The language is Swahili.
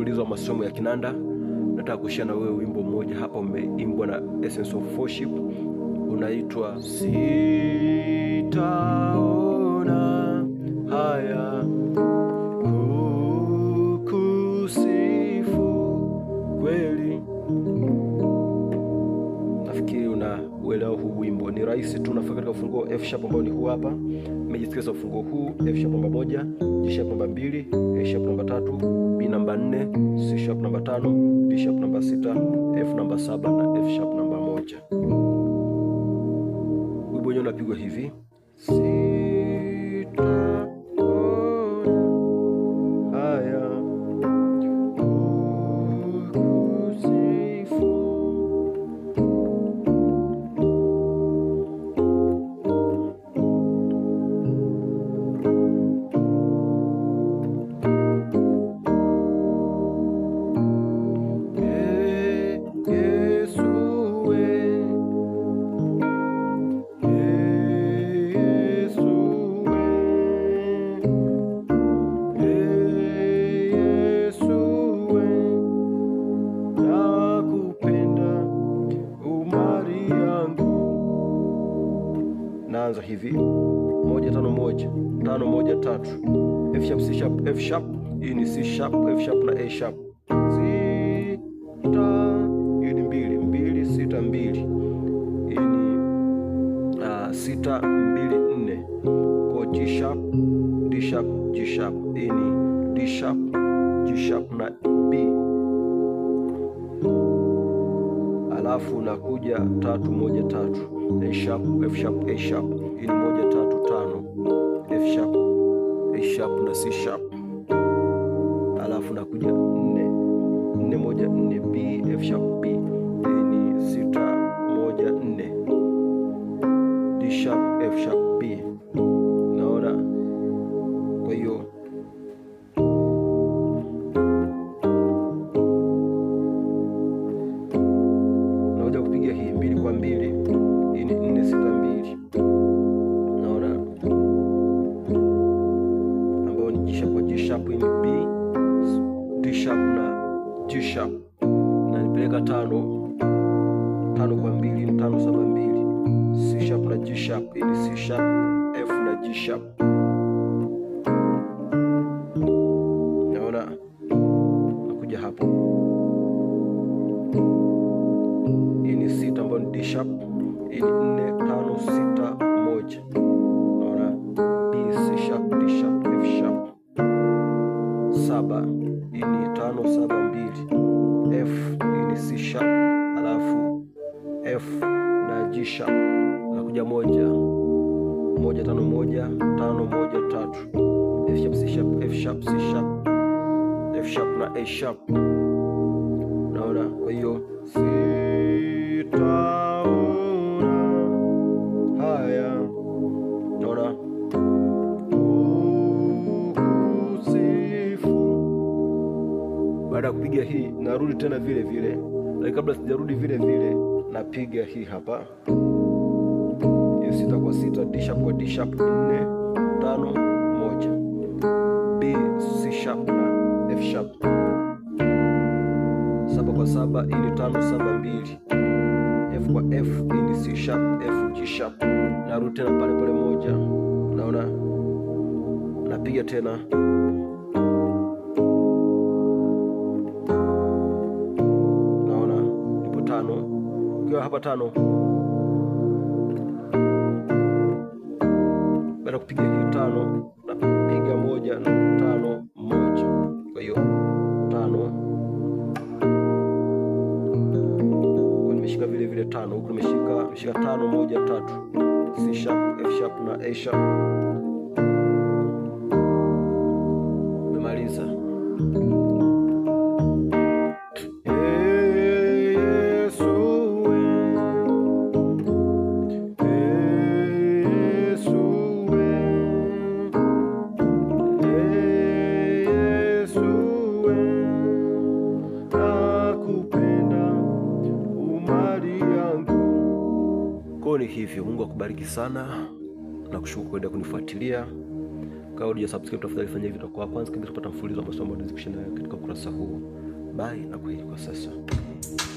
mfululizo wa masomo ya kinanda, nataka kushia na wewe wimbo mmoja hapa umeimbwa na Essence of Worship unaitwa Sitaona. ni rahisi tu, unafika katika ufunguo F sharp ambao ni huu hapa. Umejisikiliza ufunguo huu F sharp namba moja, G sharp namba mbili, A sharp namba tatu, B namba nne, C sharp namba tano, D sharp namba sita, F namba saba na F sharp namba moja. Wimbo wenyewe unapigwa hivi sita hivi moja tano moja tano moja tatu F sharp C sharp F sharp. Hii ni C sharp F sharp na A sharp sita. Hii ni mbili mbili sita mbili. Hii ni uh, sita mbili nne kwa G sharp D sharp G sharp. Hii ni D sharp G sharp na B, alafu nakuja tatu moja tatu A sharp F sharp A sharp hii ni moja tatu tano, F sharp, A sharp na C sharp, alafu nakuja nne nne moja nne, B F sharp B, ni sita moja nne, D sharp F sharp kupeleka tano tano kwa mbili ni tano saba mbili, C sharp na G sharp, ili C sharp, F na G sharp. Naona nakuja hapo, hii ni sita ambayo ni D sharp, hii ni nne F na G sharp na kuja moja moja tano moja tano moja tatu F sharp C sharp F sharp C sharp F sharp na A sharp. Unaona, kwa hiyo sitaona haya, naona kusifu. Baada ya kupiga hii narudi tena vile vile, lakini kabla sijarudi vile vile napiga hii hapa hiyo sita kwa sita, D sharp kwa D sharp, nne tano moja, B C sharp na F sharp, saba kwa saba, E tano saba mbili, F kwa F, E C sharp, F G sharp, narudi tena pale pale moja, naona napiga tena hapa tano, baada kupiga hiyo tano napiga moja na tano moja, kwa hiyo tano nimeshika vile vile tano huku nimeshika nimeshika tano moja tatu C sharp, F sharp na A sharp. Nimemaliza. hivyo Mungu akubariki sana na kushukuru kuendelea kunifuatilia. Kama subscribe, tafadhali fanya hivyo, utakuwa kwanza kabisa kupata mfululizo wa masomo katika ukurasa huu. Bye na kwaheri kwa sasa.